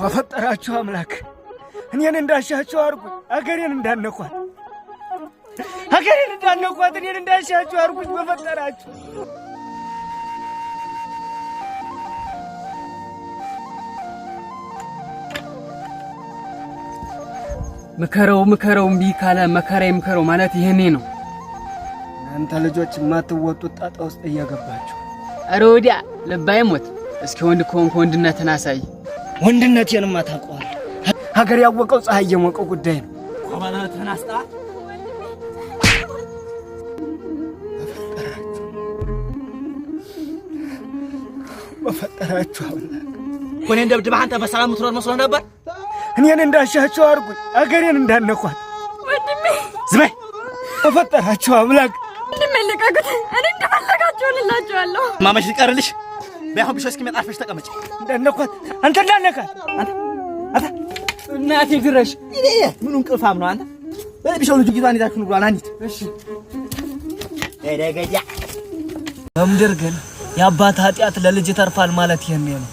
በፈጠራችሁ አምላክ እኔን እንዳሻችሁ አርጉኝ። አገሬን እንዳነኳት አገሬን እንዳነኳት እኔን እንዳሻችሁ አርጉኝ በፈጠራችሁ። ምከረው ምከረው እምቢ ካለ መከራ ምከረው ማለት ይህኔ ነው። እናንተ ልጆች የማትወጡት ጣጣ ውስጥ እየገባችሁ አረ ወዲያ ልባይ ሞት እስኪ ወንድ ከሆንክ ወንድነትን አሳይ። ወንድነቴንማ ታውቀዋል። ሀገር ያወቀው ፀሐይ የሞቀው ጉዳይ ነው። ኮበለትን አስጣ በፈጠራችሁ እኔን ደብድበህ አንተ በሰላም የምትኖር መስሎ ነበር። እኔን እንዳሻቸው አድርጉኝ፣ አገሬን እንዳነኳት። ወንድሜ ዝበይ በይ። በፈጠራችሁ አምላክ እንመለቃቁት። እኔ እንደፈለጋችሁ ልላችኋለሁ። ማመሽ ይቀርልሽ በያሁን ቢሾ እስኪመጣ አርፈሽ ተቀመጭ። እንደነኳት አንተ እንዳነካ አንተ አንተ እናቴ ግረሽ ምኑን ቅልፋም ነው አንተ ቢሾ ልጅ ጊዛን ይዛችሁ ንብሏል። አንዲት እሺ ደደገጃ በምድር ግን የአባት ኃጢአት ለልጅ ተርፋል ማለት ይሄን ነው።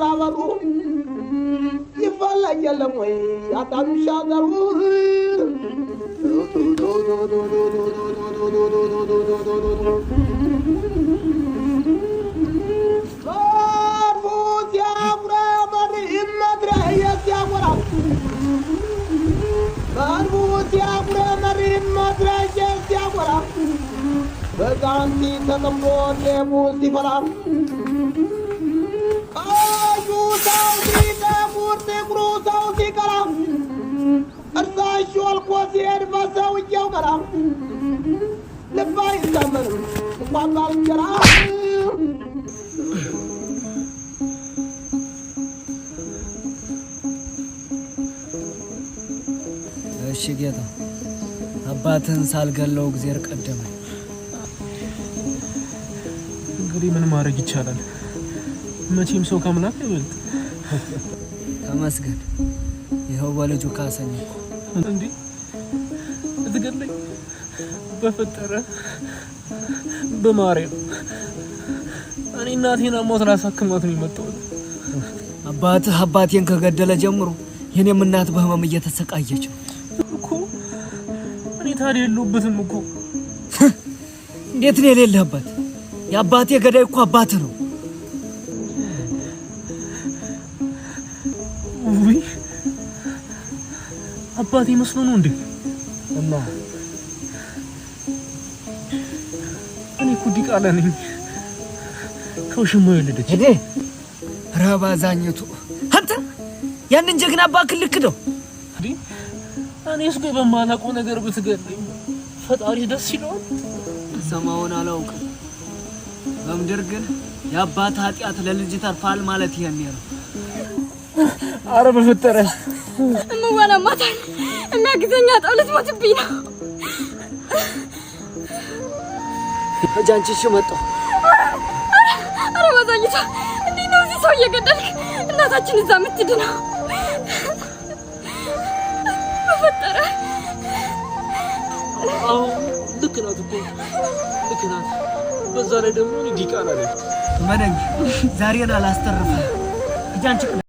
rawaru ifala yalla moy atanu shadaru do በዛንቲ ተጠምዶ ሌቡ ሲፈላ አዩ ሰው ሲጠፉር ጥቁሩ ሰው ሲቀራ እርሳ አልኮ ሲሄድ በሰውየው ቀራ ልባ አይታመንም እንኳን ባልንጀራ እሺ ጌታ አባትህን ሳልገለው እግዜር ቀደመኝ። እንግዲህ ምን ማድረግ ይቻላል? መቼም ሰው ከአምላክ አይበልጥ። ተመስገን፣ ይኸው በልጁ ካሰኝ። እንዴ እትገለኝ በፈጠረ በማርያም እኔ እናቴን አሟት ላሳክማት ነው የመጣሁት። አባትህ አባቴን ከገደለ ጀምሮ የኔም እናት በህመም እየተሰቃየች ነው እኮ። እኔ ታዲያ የለሁበትም እኮ። እንዴት ነው የሌለህበት? የአባቴ ገዳይ እኮ አባት ነው። ውይ አባቴ መስሎ ነው እንዴ? እና እኔ እኮ ዲቃላ ነኝ። ከውሽማ የወለደች እዴ ረባ ረባዛኘቱ አንተ ያንን ጀግና አባክን ልክ ነው። እኔስ ቆይ በማላውቀው ነገር ብትገለኝ ፈጣሪ ደስ ይለዋል። ሰማውን አላውቅም በምድር ግን የአባት ኃጢአት ለልጅ ተርፋል ማለት ይሄን ነው። አረ በፈጠረሽ እምዋላ ማታ የሚያግዘኛ ጠውለት ሞትብኝ ነው። በጃንቺ እሺ መጣሁ። አረ ባዛኝቷ እንዴት ነው እዚህ ሰው እየገደልክ እናታችን እዛ ነው? በፈጠረ አዎ ልክ ናት እኮ ልክ ናት። በዛ ላይ ደግሞ ዲቃና ነኝ። መደግ ዛሬን አላስተርፈ እጃን ችቅ